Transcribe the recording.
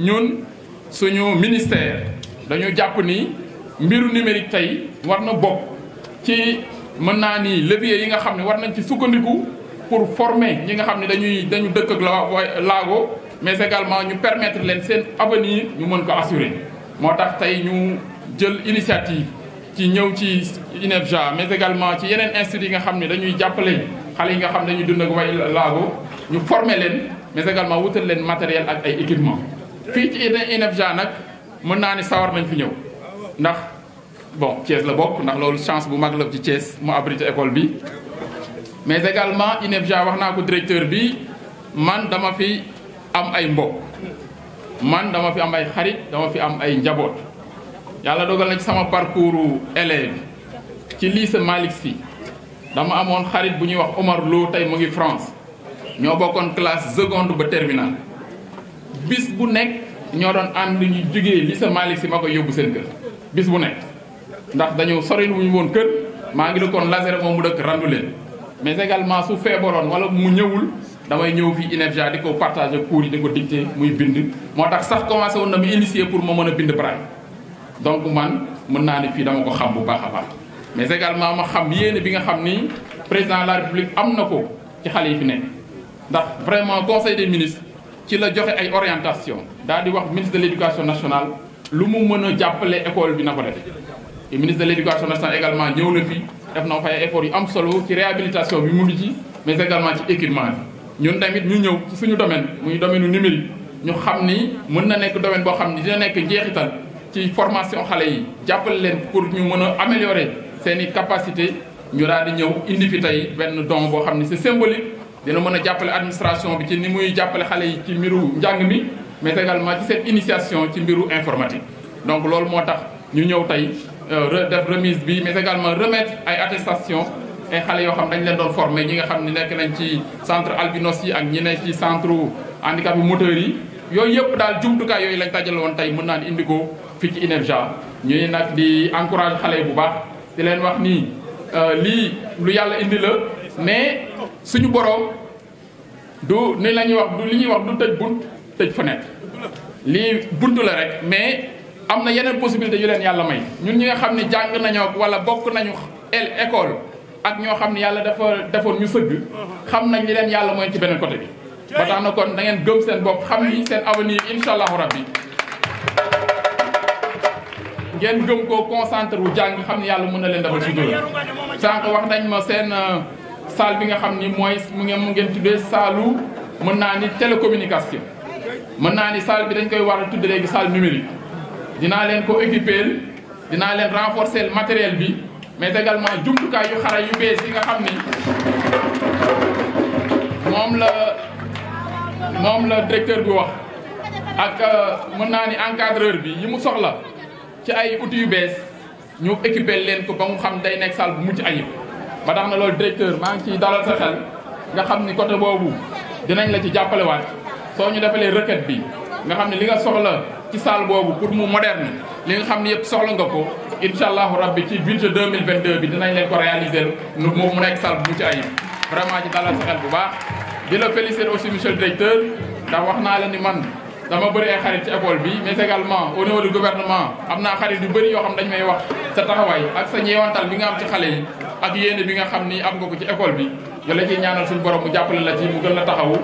ñun suñu ministère dañu japp ni mbiru numérique tay war na bokk ci mën naa ni levier yi nga xam ne war nañ ci sukkandiku pour former ñi nga xam ne dañuy dañu dëkk ak la laago mais également ñu permettre leen seen avenir ñu mën ko assurer moo tax tey ñu jël initiative ci ñëw ci INEFJA mais également ci yeneen institut yi nga xam ne dañuy jàppale xale yi nga xam ne dañuy dund ak way laago ñu former leen mais également wutal leen matériel ak ay équipement fii ci INEFJA nag mën naa ni sawar nañ fi ñëw ndax bon Thiès la bokk ndax loolu chance bu mag la ci Thiès mu abrité école bi mais également INEFJA wax naa ko directeur bi man dama fi am ay mbokk man dama fi am ay xarit dama fi am ay njaboot yàlla dogal na ci sama parcours élève ci lycée Malick Sy dama amoon xarit bu ñuy wax Omar Lo tey mu ngi France ñoo bokkoon classe seconde ba terminale bis bu nekk ñoo doon ànd ñu jógee li sa Malick si ma ko yóbbu seen kër bis bu nekk ndax dañu sori wuñu woon kër maa ngi dëkkoon Lazare moom mu dëkk randu leen mais également su feebaroon wala mu ñëwul damay ñëw fii INEFJA di ko partagé cours yi di ko dicté muy bind moo tax sax commencé woon na mu initier pour ma mën a bind braille donc man mën naa ne fii dama ko xam bu baax a baax mais également ma xam yéene bi nga xam ni président de la république am na ko ci xale yi fi nekk ndax vraiment conseil des ministres ci la joxe ay orientation D'ailleurs, di ministre de l'Éducation nationale lu mu mën a école bi na ko ministre de l'Éducation nationale également ñëw na fi def réhabilitation mais également ci équipement ñun tamit ñu ñëw domaine domaine numérique ñu xam domaine dina formation xale yi jàppale pour ñu améliorer capacité ñu ñëw indi fi symbolique dina mën a jàppale administration bi ci ni muy jàppale xale yi ci mbiru njàng mi mais également ci seen initiation ci mbiru informatique donc loolu moo tax ñu ñëw tey euh, def remise bi mais également remettre ay attestation ay xale yoo xam dañ leen doon former ñi nga xam ne nekk nañ ci centre albinos yi ak ñi ne ci centre handicap bu moteur yi yooyu yëpp daal jumtukaay yooyu lañ dajale woon tey mën naa ni indi ko fii ci INEFJA ñuy nag di encourage xale bu baax di leen wax nii euh, lii lu yàlla indi la mais suñu boroom du ni la ñuy wax du li ñuy wax du tëj bunt tëj fenêtre lii bunt la rek mais am na yeneen possibilité yu leen yàlla may ñun ñi nga xam ne jàng nañoo wala bokk nañu école ak ñoo xam ne yàlla dafa defoon ñu sëgg xam nañ li leen yàlla mooy ci beneen côté bi ba tax na koon da ngeen gëm seen bopp xam ni seen avenir incha allahu rabbi ngeen gëm ko concentre wu jàng xam ne yàlla mun na leen defal sutura sànq wax nañ ma seen euh, salle bi nga xamni ni mu ngeen mu ngeen tuddee saalu mën naa ni télécommunication mën naa ni salle bi dañ koy war a tudd léegi salle numérique dinaa leen ko équiper dinaa leen renforcer le matériel bi mais également jumtukaay yu xara yu bees yi nga xam ni moom la moom la directeur bi wax ak euh, mën naa ni encadreur bi yi mu soxla ci ay outils yu bees ñu équiper leen ko ba mu xam day nekk salle bu mucc ayib. ba tax na loolu directeur maa ngi ciy dalal sa xel nga xam ni côté boobu dinañ la ci jàppalewaat soo ñu defalee requête bi nga xam ne li nga soxla ci salle boobu pour mu moderne li nga xam ne yëpp soxla nga ko incha rab bi ci budget 2022 bi dinañ leen ko réaliser nu mu mu nekk salle bu ci ayib vraiment ci dalal sa bu baax dina la féliciter aussi monsieur le directeur ndax wax naa leen ni man dama bëri ay xarit ci école bi mais également au oo du gouvernement am naa xarit yu bëri yoo xam dañ may wax sa taxawaay ak sa ñeewantal bi nga am ci xale yi ak yéene bi nga xam ni am nga ko ci école bi nga la ciy ñaanal suñu borom mu jàppale la ci mu gën la taxawu